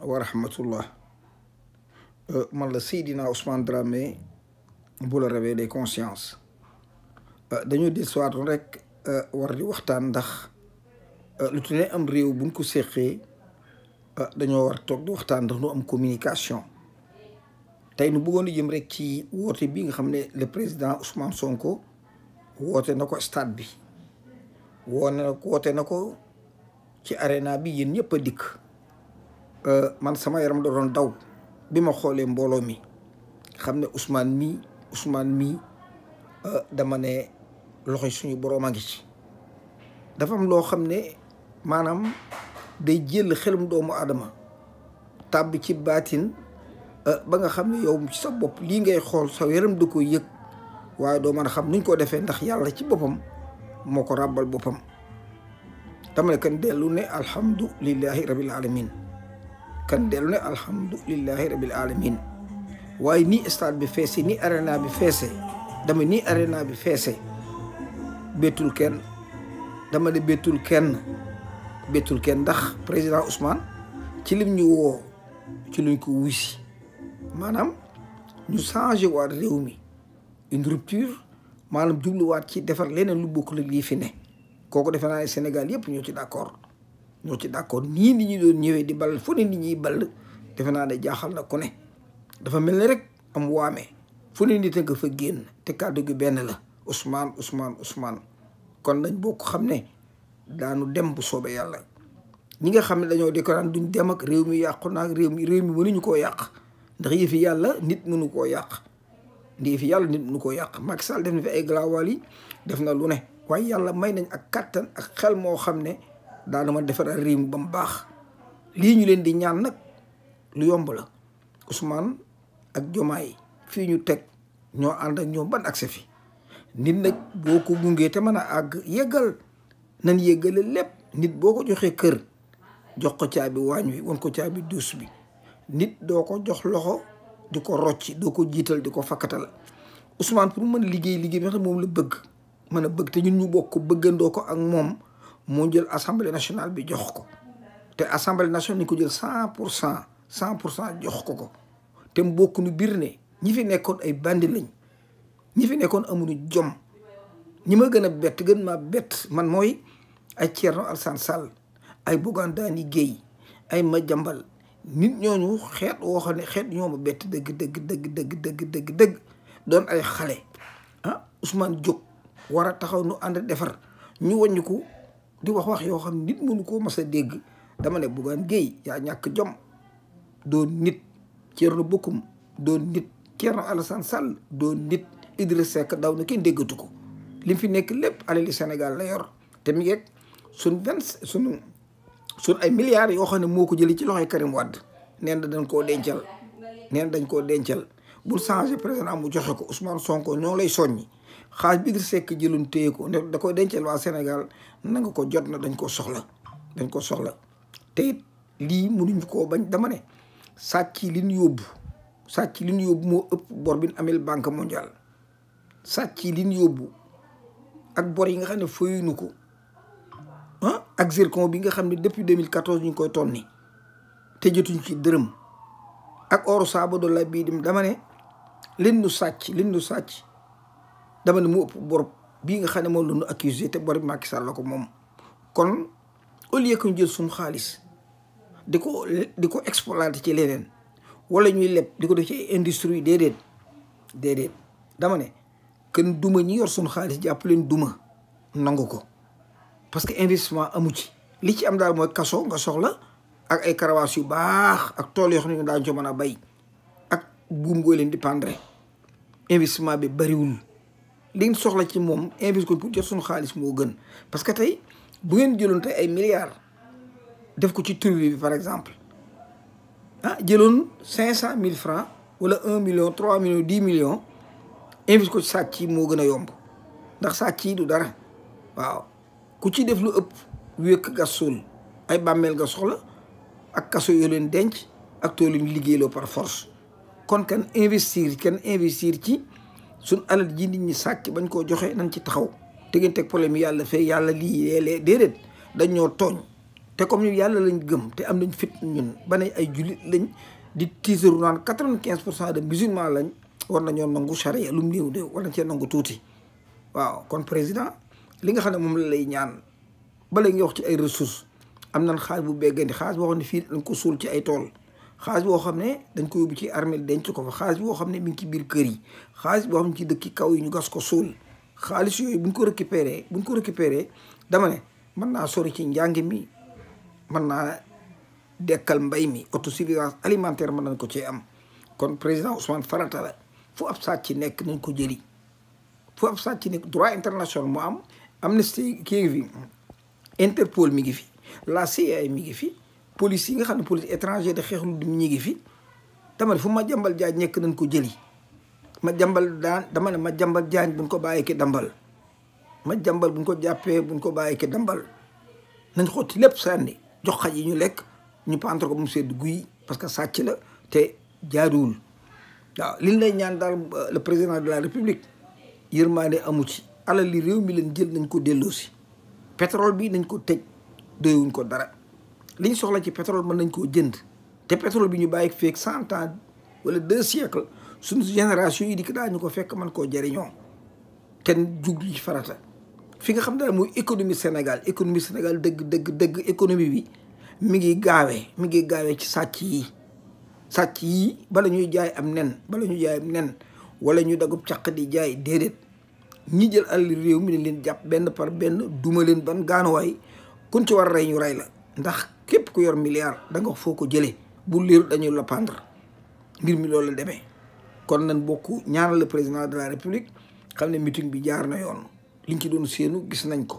wa rahmatullah euh, man la Seydina Ousmane Dramé bu la réveil des consciences euh, dañu del soit rek euh, war di waxtaan ndax lu tuddee am réew buñ ko séqee dañoo war toog di waxtaan ndax nu am communication tey nu buggoon di jëm rek ci woote bi nga xam ne le président Ousmane Sonko woote na ko stade bi woone na woote na ko ci arena bi yéen ñëpp a dikk Euh, man sama yaram da doon daw bi ma xoolee mbooloo mi xam ne Ousmane mii Ousmane mii euh, dama ne loxo suñu boroom a dafam loo xam ne maanaam day jël xelum doomu aadama tàbb ci baatin euh, ba nga xam ne yow sa bopp lii ngay xool sa yaram da koy yëg waaye doo mën a xam nuñ ko defee ndax yàlla ci boppam moo ko rabal boppam dama ne kan dellu ne alhamdulillahi rabbil alamin kan dellu na alhamdulillahi rabbil alamin waaye ni stade bi feese ni arena bi feese dama ni arena bi feese bettul kenn dama de bettul kenn bettul kenn ndax président Ousmane ci lim ñu woo ci luñ ko wusi maanaam ñu changé waat réew mi une rupture maanaam ci defar leneen lu bokkul ak fi ne kooku defe naa ne Sénégal yëpp ñoo ci d'accord ñoo ci d'accord nii ni ñu doon ñëwee di bal fu ne nit ñuy ball defe naa ne jaaxal na ku ne dafa mel ni rek am waame fu ne nit te nga fa génn te kàddu gi benn la Ousmane Ousmane Ousmane kon nañ bokk xam ne daanu dem bu soobee yàlla ñi nga xam ne dañoo di ko duñ dem ak réew mi yàqu naag réew mi réew mi mënuñu koo yàq ndax fi yàlla nit mënu koo yàq ndi yëfi yàlla nit mënu yàq Macky Sall def na fi ay galaawaal def na lu ne waaye yàlla may nañ ak kattan ak xel moo xam ne daana defar defaral riim ba mu baax lii ñu leen di ñaan nag lu yomb la Ousmane ak Jomaay fii ñu teg ñoo ànd ak ñoom ban accès fi nit nag boo ko gungee te mën a àgg yeggal nan yeggale lépp nit boo ko joxee kër jox ko caabi waañ wi won ko caabi duus bi nit doo ko jox loxo di ko rocci doo ko jiital di ko fakkatal Ousmane pour mu mën liggéey liggéey bi nga xam moom la bëgg mën a bëgg te ñun ñu bokk bëggandoo ko ak moom moo jël assemblée nationale bi jox ko te assemblée nationale ni ko jël cent pour cent cent pour cent jox ko ko te bokk nu biir ne ñi fi nekkoon ay bandi lañ ñi fi nekkoon amuñu jom ñi ma gën a bett gën ma bett man mooy ay Thierno Alassane Sall ay Bougane Dany Guèye ay Madiambal nit ñooñu xeet woo ne xeet ñoo ma bett dëgg dëgg dëgg dëgg dëgg dëgg doon ay xale ah Ousmane Diop war a taxaw nu ànd defar ñu wàññiku di wax wax yoo xam nit mënu koo mas a dégg dama ne Bougane géey yaa ñàkk jom doon nit Thierno Bocoum doon nit Thierno Alassane Sall doon nit Idrissa Seck daw na kenn déggatu ko li fi nekk lépp alali Sénégal la yor te mi ngeeg suñ vingt suñu suñ ay milliards yoo xam ne moo ko jëlee ci loxoy Karim Wade nen dañ koo dencal neen dañ koo dencal bul changé président mu joxe ko Ousmane Sonko ñoo lay soññi xaaj bi Idrissa Seck jëloon téye ko da koy dencal waa Sénégal nanga ko jot na dañ koo soxla dañ ko soxla te it lii mënuñu koo bañ dama ne sàcc li ñu yóbbu sàcc li ñu yóbbu ëpp bor bi ñu amel banque mondiale sàcc li ñu yóbbu ak bor yi nga xam ne fayuñu ko ah ak zircon bi nga xam ne depuis 2014 ñu ngi koy ton tonni te jotuñ ci dërëm ak oru saabo do la bii dim dama ne lin nu sàcc lin nu sàcc dama ne mu ëpp bor bii nga xam ne moom la ñu te bor bi Macky Sall la ko moom kon au lieu que ñu jël suñu xaalis di ko di ko exploité ci leneen wala ñuy leb di ko def ci industrie yi déedéet déedéet dama ne kenn duma ñi yor suñu xaalis jàpp leen duma nangu ko parce que investissement amu ci li ci am daal mooy kaso nga soxla ak ay karawaas yu baax ak tool yoo xam ne daal ko mën a bay ak buum gooy leen di pendre investissement bi bariwul li soxla ci moom investir ko pour jot suñu xaalis moo gën parce que tey bu ngeen jëloon tey ay milliards def ko ci turbi bi par exemple ah jëloon cinq cent mille francs wala un million trois millions dix millions investir ko ci moo gën a yomb ndax sàcc yi du dara waaw ku ci def lu ëpp wékk gas suul ay bàmmeel nga soxla ak kaso yoo leen denc ak tool yi liggéeyloo par force kon kan investir kenn investir ci suñ alal jii nit ñi sàcc bañ koo joxee nañ ci taxaw digganteeg problème yi yàlla fee yàlla lii léeg-léeg déedéet dañ ñoo tooñ te comme ñu yàlla lañ gëm te am nañ fit ñun ba ne ay jullit lañ di tiiseru naan quatre-vingt-quinze pour cent de musulman lañ war nañoo nangu charia lu mu néew de war nañ cee nangu tuuti waaw kon président li nga xam ne moom la lay ñaan bala nga wax ci ay ressources am nañ xaal bu béggandi xaalis boo xam ne fii dañ ko suul ci ay tool xaalis boo xam ne dañ ko yóbbu ci denc ko xaalis boo xam ne mi ngi ci biir kër yi xaalis boo xam ne ci dëkki kaw yi ñu gas ko suul xaalis yooyu buñ ko récupéré buñ ko récupéré dama mën naa sori ci njàng mi mën naa dekkal mbay mi autosuffisance alimentaire mën nañ ko cee am kon président Ousmane farata la fu ab sàcc nekk nañ ko jëli fu ab ci nekk droit international mu am amnesty kii ngi fi Interpol mi ngi fi la CIA mi ngi fi police yi nga xam ne police étranger de xeexlu du ñu ngi fi tamit fu ma jambal jaaj nekk nañ ko jëli ma jambal daan dama ne ma jambal jaañ bu ko bàyyi ki dambal ma jambal buñ ko jàppee buñ ko bàyyi ki dambal nañ xotti lépp sànni jox xaj yi ñu lekk ñu pentre ko mu sedd guy parce que sàcc la te jaaduwul waaw liñ lay ñaan daal euh, le président de la république yërmaande amu ci alal réew mi leen jël nañ ko delloosi pétrole bi nañ ko tëj doyewuñ ko dara liñ soxla ci pétrole mën nañ koo jënd te pétrole bi ñu bàyyi feeg cent ans wala deux siècles suñu génération yi dikk daal ñu ko fekk mën koo jëriñoo te jug yi farata fi nga xam daal mooy économie Sénégal économie Sénégal dëgg dëgg dëgg économie bi mi ngi gaawee mi ngi gaawee ci sàcc yi sàcc yi bala ñuy jaay am nen bala ñuy jaay am nen wala ñu dagub caq di jaay déedéet ñi jël àll réew mi ne leen jàpp benn par benn duma leen ban gaanuwaay kun ci war a rey ñu rey la ndax képp ku yor milliard da nga foo ko jële bu liir dañuy la pendre mbir mi loolu demee kon nañ bokk ñaanal la président de la république xam ne meeting bi jaar na yoon liñ ci doon séenu gis nañ ko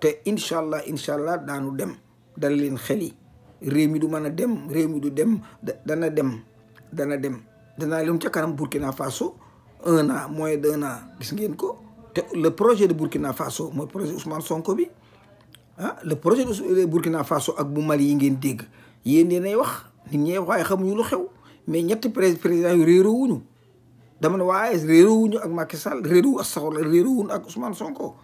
te incha allah incha allah daanu dem dal leen xel yi réew mi du mën a dem réew mi du dem dana dem dana dem danaa leen ca kanam Burkina Faso un an moins d'un gis ngeen ko te le projet de Burkina Faso mooy projet Ousmane Sonko bi ah le projet de Burkina Faso ak bu Mali yi ngeen dégg yéen yéenay wax nit ñee waaye xamuñu lu xew mais ñetti président yu réeroo wuñu dama ne waaye réeroo wuñu ak Macky Sall réeroo la réeroo wuñu ak Ousmane Sonko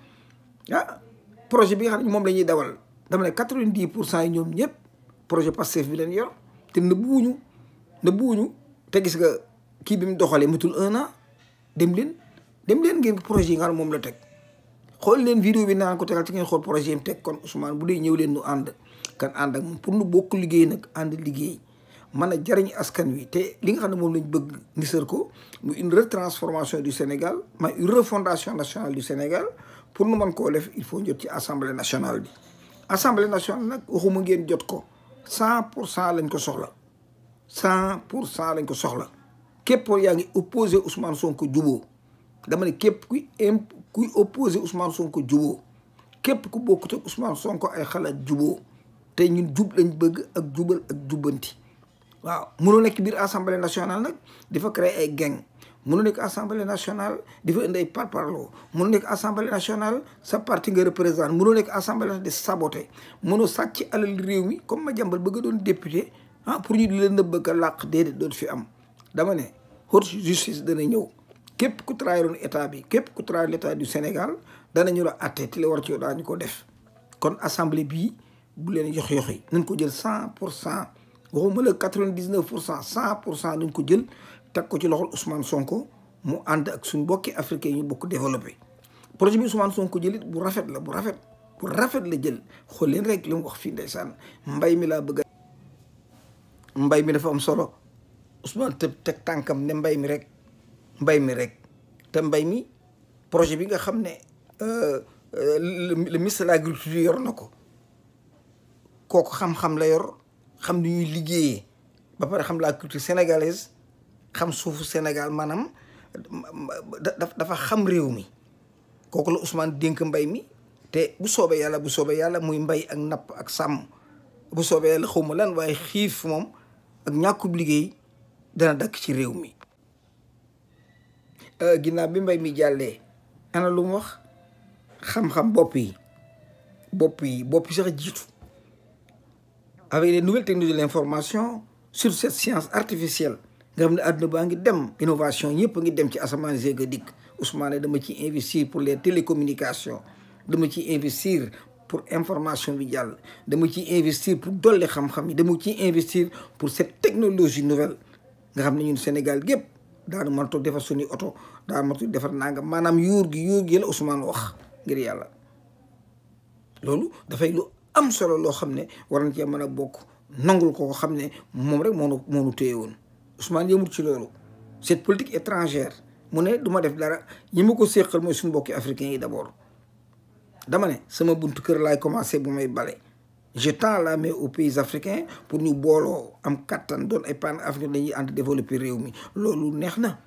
ah projet bi nga moom la dawal dama ne quatre-vingt-dix pour cent yi ñoom ñëpp projet Pastef bi leen yor te nëbbuwuñu ñu te gis nga kii bi mu doxalee matul un an dem leen dem leen ngeen projet yi nga ne moom la teg. xool leen vidéo bi naan ko tegal ci ngeen xool projet yi teg kon Ousmane bu dee ñëw leen nu ànd kan ànd ak moom pour nu bokk liggéey nag ànd liggéey man a jariñ askan wi te li nga xam ne moom lañ bëgg nisar ko mu une retransformation du Sénégal mais une refondation nationale du Sénégal pour nu man koo def il faut jot ci assemblée nationale bi assemblée nationale nag waxuma ngeen jot ko cent pour cent lañ ko soxla cent pour cent lañ ko soxla képp yaa ngi opposé Ousmane Sonko juboo dama kuy opposé Ousmane Sonko juboo képp ku bokkut ak Ousmane Sonko ay xalaat juboo te ñun jub lañ bëgg ak jubal ak jubbanti waaw mënu nekk biir assemblée national nag di fa créer ay gang mënu nekk assemblée national di fa indi ay mun mënu nekk assemblée national sa parti nga représente mënu nekk assemblée nationale di saboté mënu sàcc alal réew mi comme ma jàmbal bëgg doon député ah pour ñu di la nëbb ka làq déedéet doon fi am dama ne haute justice dana ñëw képp ku trahiroon état bi képp ku trahir l'état du Sénégal danañu la àtte te la war ci yow daañu ko def kon assemblée bii bu leen yox yox yi nañ ko jël cent pour cent waxuma la quatre-vingt-dix-neuf pour cent cent pour cent nañ ko jël teg ko ci loxol Ousmane Sonko mu ànd ak suñ mbokki africain yi ñu bokk développé projet bi Ousmane Sonko jëlit bu rafet la bu rafet bu rafet la jël xool leen rek li mu wax fii ndeysaan mbay mi laa bëgg mbay mi dafa am solo Ousmane tëb teg tànkam ne mbay mi rek mbay mi rek te mbay mi projet bi nga xam ne euh, euh, le ministre de l'agriculture yor na ko kooku xam-xam la yor xam ni ñuy liggéeyee ba pare xam la culture sénégalaise xam suufu Sénégal maanaam dafa xam réew mi kooku la Ousmane dénk mbay mi te bu soobee yàlla bu soobee yàlla muy mbay ak napp ak sàmm bu soobee yàlla xawma lan waaye xiif moom ak ñàkkub liggéey dana dakk ci réew mi Euh, ginnaaw bi mbay mi jàllee ana lu mu wax xam-xam bopp yi bopp yi bopp yi sax jiitu avec les nouvelles technologies de l'information sur cette science artificielle nga xam ne àdduna baa ngi dem innovation ñëpp ngi dem ci asamaan zeeg a dikk maanee dama ci investir pour les télécommunications dama ci investir pour information bi jàll dama ci investir pour dolli xam-xam yi dama ci investir pour cette technologie nouvelle nga xam ne ñun Sénégal gépp daanu mën toog defar suñuy oto daanu mën toog defar nangam maanaam yuur gi yuur gi la Ousmane wax ngir yàlla loolu dafay lu am solo loo xam ne war nañ cee mën a bokk nangul ko ko xam ne moom rek moo nu moo nu téye woon Ousmane yëmut ci loolu cette politique étrangère mu ne duma def dara ñi ma ko séqal mooy suñu mbokki africains yi d'abord dama ne sama buntu kër laay commencé bu may bale je tends la mais aux pays africains pour ñu booloo am kattan doon ay pan africain dañuy ànd développer réew mi loolu neex na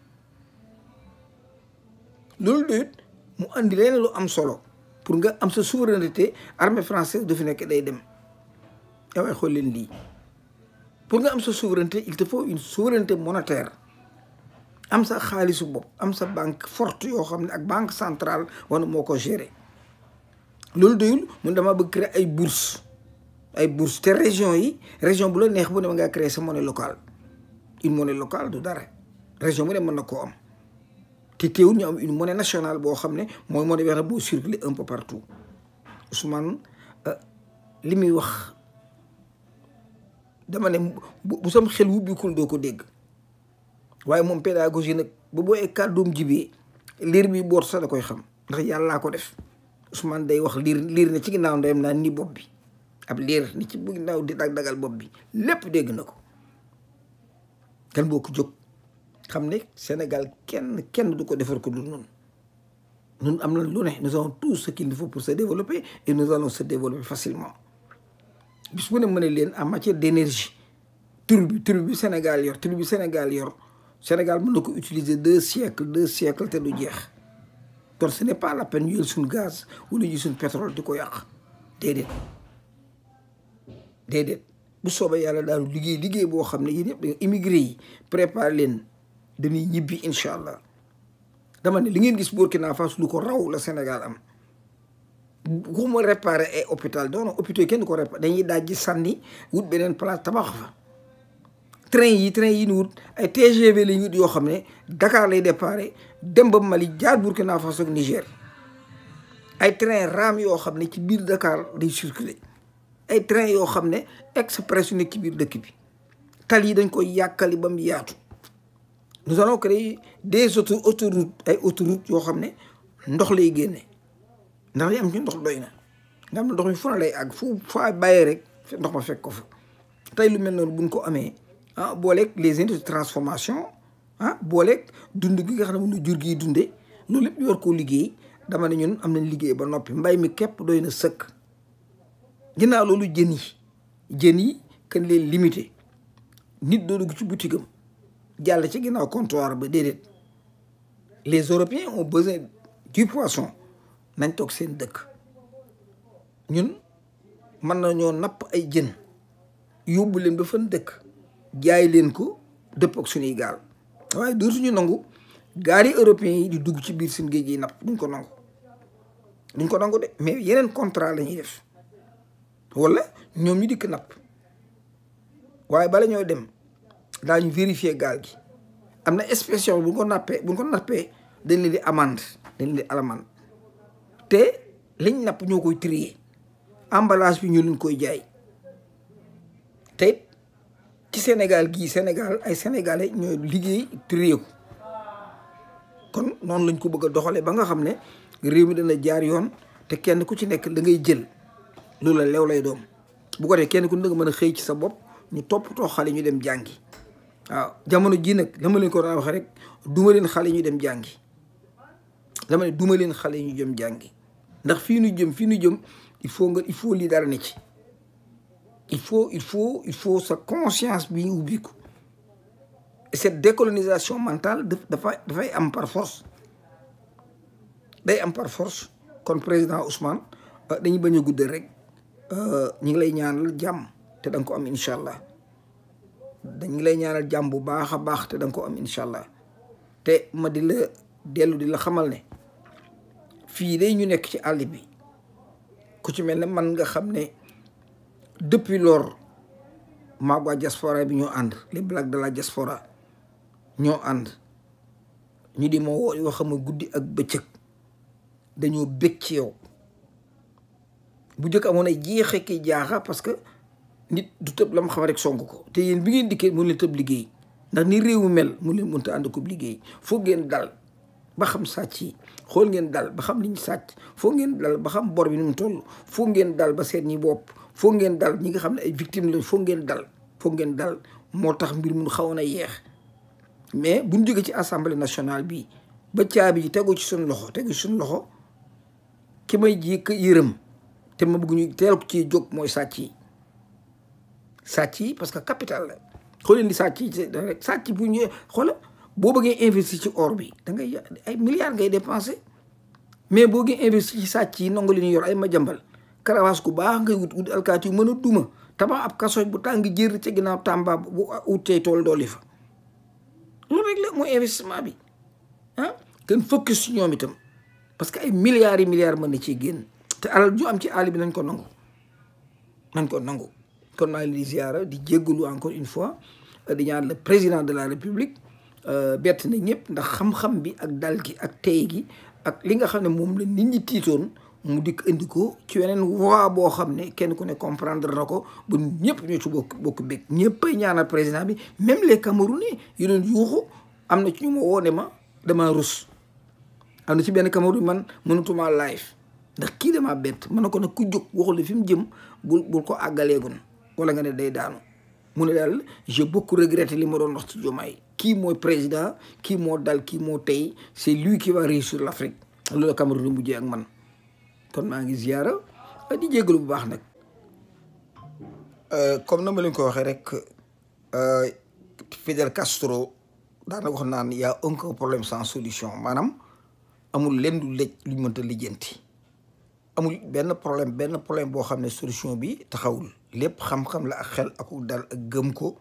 loolu doyut mu andi leen lu am solo pour nga am sa souveraineté armée française du nekk day dem waaye xool leen lii pour nga am sa souveraineté il te une souveraineté monétaire am sa xaalisu bopp am sa banque forte yoo xam ne ak banque centrale wana moo ko gérer loolu doyul mun dama bëgg créer ay bourse ay bourse te région yi région bu la neex bu ne ma ngaa créer sa monnaie locale une monnaie locale du dara région bu ne mën na koo am te teewul ñu am une monnaie national boo xam ne mooy monnaie bi boo circuler un peu partout Ousmane euh, li muy wax dama ne bu sam xel wubbikul ko dégg waaye moom pédagogie nag bu booyee kàddoom jibee liir bi boot sax da koy xam ndax yàllaa ko def Ousmane day wax liir liir na ci ginnaaw ndeyam naan ni bopp bi ab liir ni ci bu ndaw di dag dagal bopp bi lépp dégg na ko kan boo ko jóg xam ne Sénégal kenn kenn du ko defar ko du noonu ñun am na lu ne nous avons tout ce qu'il nous faut pour se développer et nous se développer facilement bis bu ne ma ne leen en matière d'énergie tur bi tur bi Sénégal yor tur bi Sénégal yor Sénégal mën na ko utiliser deux siècles deux siècles te du jeex kon ce n'est pas la peine ñu jël suñ gaz wala ñu pétrole di ko yàq déedéet déedéet bu soobee yàlla daanu liggéey liggéey boo xam ne yéen yëpp dañoo immigré yi préparé leen dañuy ñibbi incha allah dama li ngeen gis Burkina Faso lu ko raw la Sénégal am ku ma réparé ay hôpital doona hôpital ko dañuy daaj ji sànni beneen place tabax yi train yi ñu wut yoo xam ne Dakar lay dem ba Mali jaar Burkina Faso ak Niger ay train raam yoo xam ne ci biir Dakar day circuler ay train yoo xam ne express yu nekk ci biir dëkk bi tal yi dañ koy yàkkali ba mu yaatu nous allons créer des auto autoroutes ay autoroutes yoo xam ne ndox lay génne ndax yi am ci ndox doy na nga am ndox mi fu na lay àgg fu rek ndox ma fekk ko fa tey lu mel noonu buñ ko amee ah booleeg les industries transformation ah booleeg dund gi nga xam ne mun jur gii dunde loolu lépp ñu war koo liggéey dama ne ñun am nañ liggéey ba noppi mbay mi képp doy na sëkk ginnaaw loolu jën yi jën yi kan leen limité nit doo dugg ci butikam jàll ci ginnaaw controir ba déedéet les européens ont besin du poisson nañ toog seen dëkk ñun mën nañoo napp ay jën yóbbu leen ba fan dëkk jaay leen ko dëpp ak suñuy gaal waaye dootuñu nangu gaal yi yi di dugg ci biir seen géej gi napp duñ ko nangu duñ ko nangu de mais yeneen contrat la ñuy def wala ñoom ñu dikk napp waaye bala ñoo dem daañu vérifier gaal gi am na inspection bu ko nappee bu ko nappee dañ leen di amande te liñ napp ñoo koy trier emballage bi ñu leen koy jaay te ci Sénégal gii Sénégal ay sénégalais ñooy liggéey trie ko kon noonu lañ ko bëgg a doxalee ba nga xam ne réew mi dana jaar yoon te kenn ku ci nekk da ngay jël. lu la lew lay doom bu ko dee kenn ku nekk mën a xëy ci sa bopp ñu toppatoo xale ñu dem jàngi waaw jamono jii nag dama leen ko daan waxee rek duma leen xale ñu dem jàngi dama ne leen xale ñu jëm jàngi ndax fii nu jëm fii nu jëm il faut nga il faut lii dara ne ci il faut il faut il faut sa conscience bi ubbiku et cette décolonisation mentale dafa dafay am par force day am parforce kon président Ousmane euh, dañu bañ a guddal rek ñu ngi lay ñaanal jàmm te danga ko am incha allah dañ lay ñaanal jàmm bu baax a baax te danga ko am incha allah te ma di la dellu di la xamal ne fii day ñu nekk ci àll bi ku ci mel ne man nga xam ne depuis lors maag waa diaspora bi ñoo ànd les blagues de la ñoo ànd ñu di ma woo yoo xam guddi ak bëccëg dañoo bëgg ci yow bu njëkk amoon ay jeexe ki jaaxa parce que nit du tëb mu xam rek song ko te yéen bi ngeen dikkee mun leen tëb liggéey ndax ni réew mi mel mu leen mënta ànd ko liggéey foog ngeen dal ba xam sàcc yi xool ngeen dal ba xam li ñu sàcc foog ngeen dal ba xam bor bi ni mu toll foog ngeen dal ba seen ñi bopp foo ngeen dal ñi nga xam ne ay victime la foog ngeen dal foog ngeen dal moo tax mbir mun xawoon ay yeex mais buñ jógee ci assemblée nationale bi ba caabi ji tegu ci suñ loxo tegu ci suñ loxo ki may ji yërëm te ma bëgg ñu teel ko ci jóg mooy sàcc yi sàcc yi parce que capital la xoo leen di sàcc yi rek sàcc bu ñu xoola boo bëggee investir ci or bi da ngay ay milliards ngay dépensé mais boo bëggee investir ci sàcc yi nangu li ñu yor ay ma jàmbal karawaas ku baax ngay wut alkaati mën a duma tabax ab kaso bu tàng jër ca ginnaaw tàmba bu utee tool dooli fa loolu rek la mooy investiment bi ah gën focus ci ñoom itam parce que ay milliards yi milliards mën na ciy génn te alal ju am ci àll bi nañ ko nangu nañ ko nangu kon maa ngi di ziara di jéggulu encore une fois di ñaan le président de la république euh, bett na ñëpp ndax xam-xam bi ak dal gi ak tey gi ak li nga xam ne moom la nit ñi tiitoon mu dikk indi ko ci weneen waa boo xam ne kenn ku ne comprendre na ko bu ñëpp ñoo ci bokk bokk bég ñëppay ñaanal président bi même les Camerounais yu doon yuuxu am na ci ñu ma woone ma dama rus am na ci benn Cameroun man mënatumaa live ndax kii damaa bett man na ko nag ku jóg waxul ne fi mu jëm bul bul ko àggaleegun wala nga ne day daanu mu ne daal j'ai beaucoup regretté li ma doon wax ci Diomaye kii mooy président kii moo dal kii moo tey c'est lui qui va réussir l'Afrique loolu la Cameroun lu mujjee ak man kon maa ngi ziara ah, di jégalu bu baax nag euh, comme na ma leen ko waxee rek euh, Fidel Castro daana wax naan y a un problème sans solution maanaam amul leen du lenn lu lëj luñ mënta lijjanti amul benn problème benn problème boo xam ne solution bi taxawul lépp xam-xam la ak xel ak dal ak gëm ko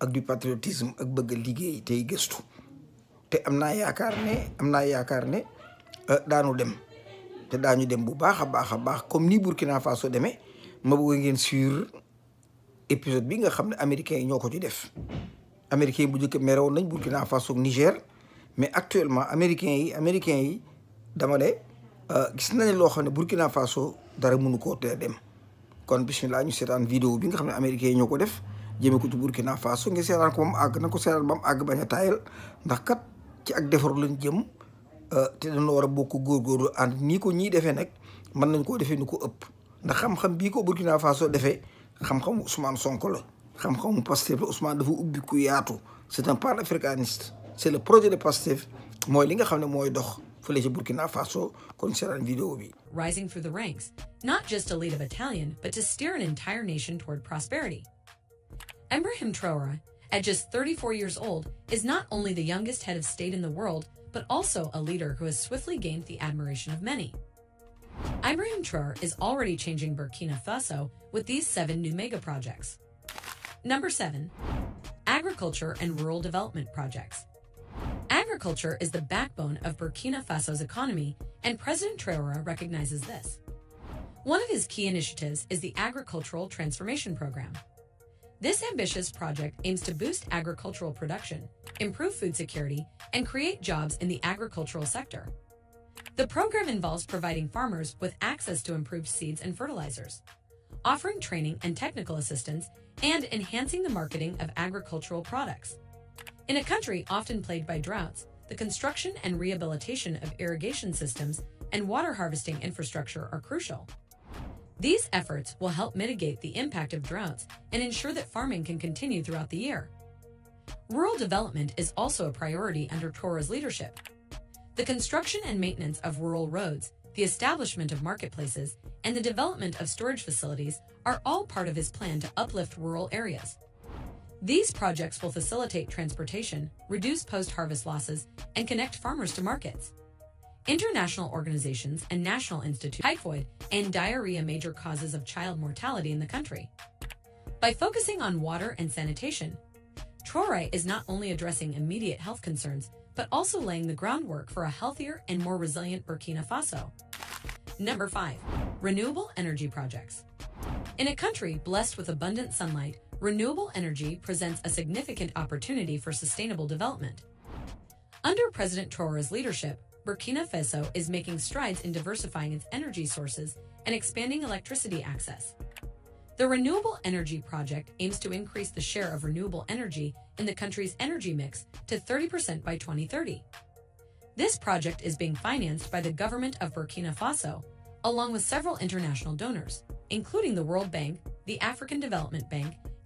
ak du patriotisme ak bëgg a liggéey tey gëstu te am naa yaakaar ne am naa yaakaar ne euh, daanu dem te daañu dem bu baax a baax a baax comme ni Burkina Faso demee ma bëgg ngeen suivre épisode bi nga xam ne américains yi ñoo ko ci def américains yi bu njëkk merewoon nañ Burkina Faso Niger mais actuellement américains yi américains yi dama ne Euh, gis nañ loo xam ne Burkina Faso dara mënu koo te dem kon bismillah ñu seetaan vidéo bi nga xam ne américains yi ñoo ko def jëmee ko ci Burkina Faso nga seetaan ko ba mu àgg na ko seetaan ba mu àgg bañ a ndax kat ci ak defaru lañ jëm euh, te dañoo war a bokk góorgóorlu ànd nii ko ñii defee nag mën nañ koo defee ni ko ëpp ndax xam-xam bii ko Burkina Faso defee xam-xamu Ousmane Sonko la xam-xamu Pastef la Ousmane dafa ubbi ku yaatu c'est un pan-africaniste c'est le projet de Pastef mooy li nga xam ne mooy dox fële Burkina Faso kon seetaan vidéo bi. Rising through the ranks, not just to lead a battalion, but to steer an entire nation toward prosperity. Ibrahim Traoré, at just 34 years old, is not only the youngest head of state in the world, but also a leader who has swiftly gained the admiration of many. Ibrahim Traoré is already changing Burkina Faso with these seven new mega projects. Number 7. Agriculture and Rural Development Projects Agriculture is the backbone of Burkina Faso's economy, and President Traore recognizes this. One of his key initiatives is the Agricultural Transformation Program. This ambitious project aims to boost agricultural production, improve food security, and create jobs in the agricultural sector. The program involves providing farmers with access to improved seeds and fertilizers, offering training and technical assistance, and enhancing the marketing of agricultural In a country often plagued by droughts, the construction and rehabilitation of irrigation systems and water harvesting infrastructure are crucial. These efforts will help mitigate the impact of droughts and ensure that farming can continue throughout the year. Rural development is also a priority under Tora's leadership. The construction and maintenance of rural roads, the establishment of marketplaces, and the development of storage facilities are all These projects will facilitate transportation, reduce post-harvest losses, and connect farmers to markets. International organizations and national institutes typhoid and diarrhea major causes of child mortality in the country. By focusing on water and sanitation, Trorai is not only addressing immediate health concerns, but also laying the groundwork for a healthier and more resilient Burkina Faso. Number 5. Renewable Energy Projects In a country blessed renewable energy presents a significant opportunity for sustainable development. Under President Traore's leadership, Burkina Faso is making strides in diversifying its energy sources and expanding electricity access. The Renewable Energy Project aims to increase the share of renewable energy in the country's energy mix to 30% by 2030. This project is being financed by the government of Burkina Faso, along with several international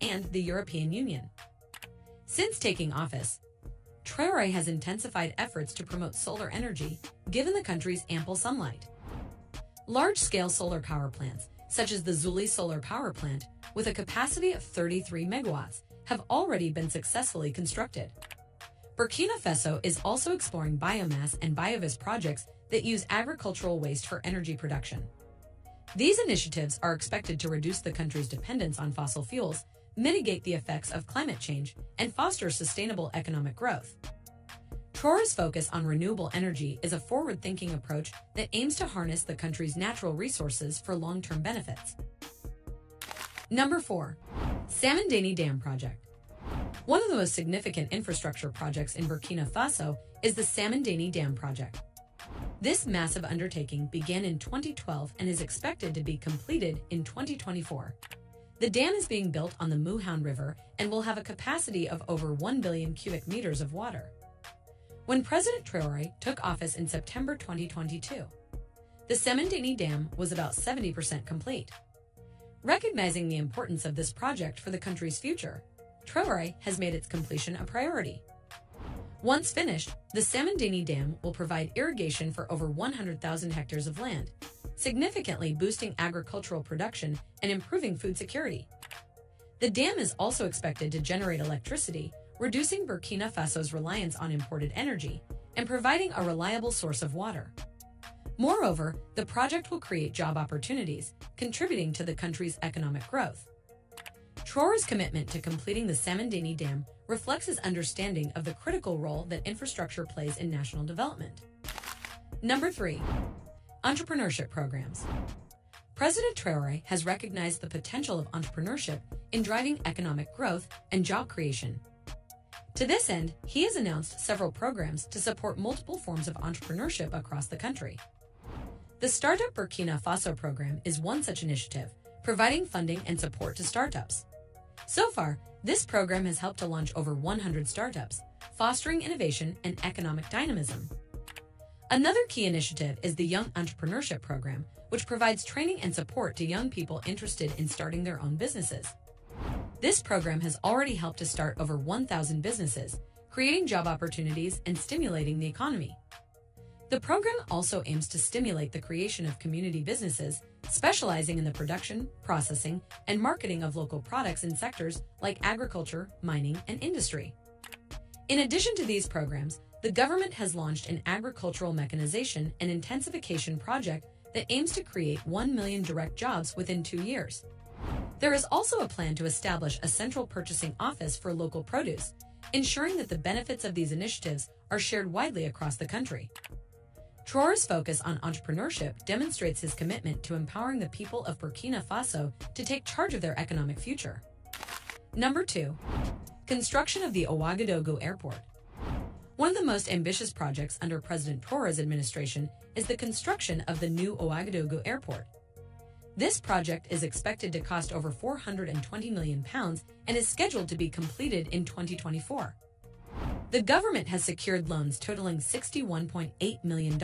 and the European Union. Since taking office, Traoré has intensified efforts to promote solar energy, given the country's ample sunlight. Large-scale solar power plants, such as the Zuli Solar Power Plant, with a capacity of 33 megawatts, have already been successfully constructed. Burkina Faso is also exploring biomass and biovis projects that use agricultural waste for energy production. These initiatives are expected to reduce the country's mitigate the effects of climate change, and foster sustainable economic growth. Trora's focus on renewable energy is a forward-thinking approach that aims to harness the country's natural resources for long-term benefits. Number 4. Samandani Dam Project One of the most significant infrastructure projects in Burkina Faso is the Samandani Dam Project. This massive undertaking began in 2012 and is expected to be completed in 2024. The dam is being built on the Muhan River and will have a capacity of over 1 billion cubic meters of water. When President Traore took office in September 2022, the Semendini Dam was about 70% complete. Recognizing the importance of this project for the country's future, Traore has made its completion a priority. Once finished, the Samandini Dam will provide irrigation for over hectares of land, significantly boosting agricultural production and improving food security. The dam is also expected to generate electricity, reducing Burkina Faso's reliance on imported energy and providing a reliable source of water. Moreover, the project will create job opportunities, contributing to the country's economic growth. Trorer's commitment to completing the Samandini Dam reflects his understanding of the critical role that infrastructure plays in national development. Number 3. Entrepreneurship Programs President Traore has recognized the potential of entrepreneurship in driving economic growth and job creation. To this end, he has announced several programs to support multiple forms of entrepreneurship across the country. The Startup Burkina Faso program is one So far, this program has helped to launch over 100 startups, fostering innovation and economic dynamism. Another key initiative is the Young Entrepreneurship Program, which provides training and support to young people interested in starting their own businesses. This program has already helped to start over businesses, creating job opportunities and stimulating the economy. The program also aims to stimulate the creation of community businesses specializing in the production, processing, and marketing of local products in sectors like agriculture, mining, and industry. In addition to these programs, the government has launched an agricultural mechanization and intensification project that aims to create 1 million direct jobs within two years. There is also a plan to establish a central purchasing office for local produce, Traore's focus on entrepreneurship demonstrates his commitment to empowering the people of Burkina Faso to take charge of their economic future. Number 2. Construction of the Ouagadougou Airport One of the most ambitious projects under President Traore's administration is the construction of the new Ouagadougou Airport. This project is expected to cost over £420 million and is scheduled to be completed in The government has secured loans totaling $61.8 million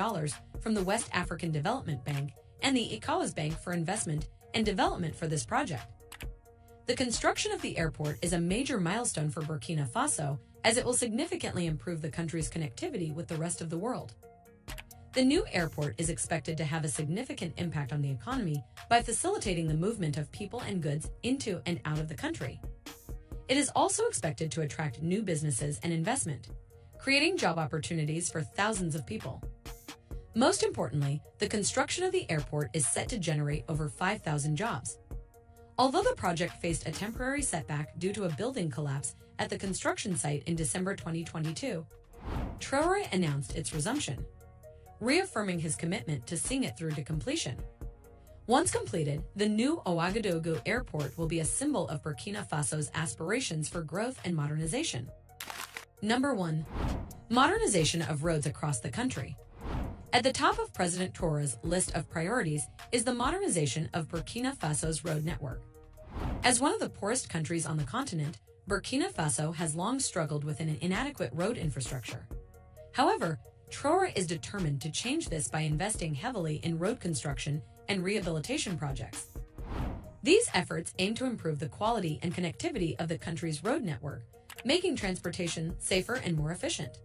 from the West African Development Bank and the ECOWAS Bank for Investment and Development for this project. The construction of the airport is a major milestone for Burkina Faso as it will significantly improve the country's connectivity with the rest of the world. The new airport is expected to have a significant impact on the economy by facilitating the movement of people It is also expected to attract new businesses and investment, creating job opportunities for thousands of people. Most importantly, the construction of the airport is set to generate over 5,000 jobs. Although the project faced a temporary setback due to a building collapse at the construction site in December 2022, Traore announced its resumption, reaffirming his commitment to seeing it through to completion. Once completed, the new Ouagadougou Airport will be a symbol of Burkina Faso's aspirations for growth and modernization. Number 1. Modernization of roads across the country. At the top of President Toura's list of priorities is the modernization of Burkina Faso's road network. As one of the poorest countries on the continent, Burkina Faso has long struggled with an inadequate road infrastructure. However, Traore is determined to change this by investing and rehabilitation projects. These efforts aim to improve the quality and connectivity of the country's road network, making transportation safer and more efficient.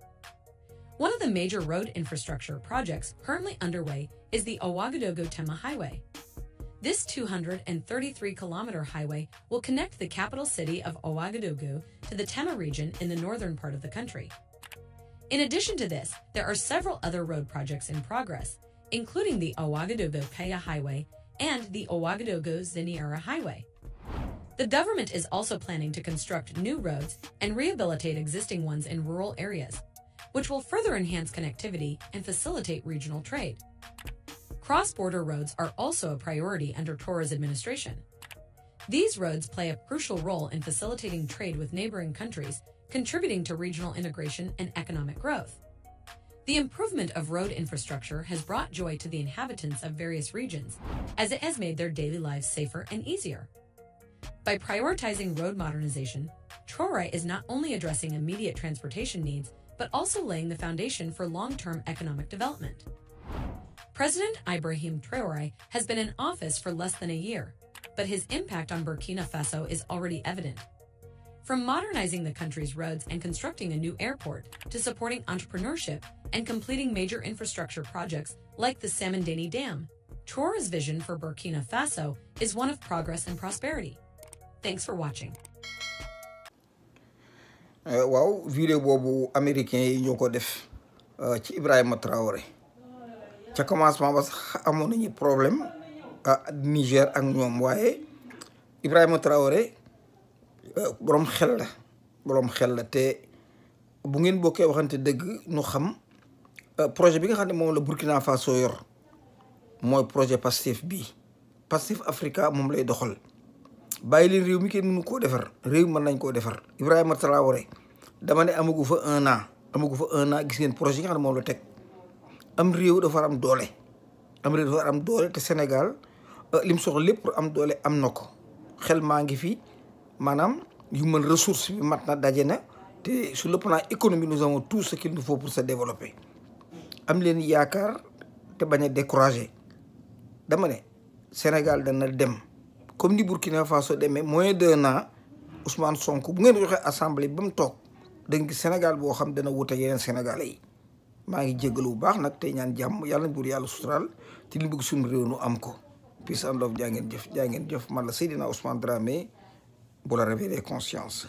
One of the major road infrastructure projects currently underway is the Ouagadougou-Tema Highway. This 233-kilometer highway will connect the capital city of Ouagadougou to the Tema region in the northern part of the country. In addition to this, there are several other including the Ouagadougou-Paya Highway and the Ouagadougou-Ziniera Highway. The government is also planning to construct new roads and rehabilitate existing ones in rural areas, which will further enhance connectivity and facilitate regional trade. Cross-border roads are also a priority under Tora's administration. These roads play a crucial role in facilitating trade with neighboring countries, contributing to regional integration and economic growth. The improvement of road infrastructure has brought joy to the inhabitants of various regions, as it has made their daily lives safer and easier. By prioritizing road modernization, Trorai is not only addressing immediate transportation needs, but also laying the foundation for long-term economic development. President Ibrahim Traore has been in office for less than a year, but his impact on Burkina Faso is already evident. From modernizing the country's roads and constructing a new airport, to supporting entrepreneurship and completing major infrastructure projects like the Samandani Dam, Tora's vision for Burkina Faso is one of progress and prosperity. Thanks for watching. Eh, waaw vidéo boobu américain yi ñoo ko def eh, ci ibrahim Traoré ca commencement ba amoon nañu problème eh, Niger ak ñoom waaye Ibrahima Traoré boroom xel la boroom xel la te bu ngeen bokkee waxante dëgg nu xam euh, projet bi nga xam ne moom la Burkina Faso yor mooy projet Pastef bii Pastef Africa moom lay doxal bàyyi leen réew mi kenn mënu koo defar réew mën nañ koo defar Ibrahima Traoré dama ne amagu fa un an amagu fa un an gis ngeen projet yi nga xam ne moom la teg am réew dafa am doole am réew dafa am doole te Sénégal euh, lim soxla lépp am doole am na ko xel maa ngi fi maanaam human ressource bi mat na daje na te su le plan économique nous avons tout ce qu'il nous faut pour se développer am leen yaakaar te bañ a découragé dama ne Sénégal dana dem comme ni Burkina Faso demee mooy d'un an Ousmane sonk bu ngeen joxee assemblée ba mu toog da nga Sénégal boo xam dana wute yeneen Sénégalais yi maa ngi jégalu bu baax nag te ñaan jàmm yàlla buur yàlla sutural te li bëgg suñu réew nu am ko peace and love jaa ngeen jëf jaa ngeen jëf man la Seydina Ousmane Dramé bu la réveiller conscience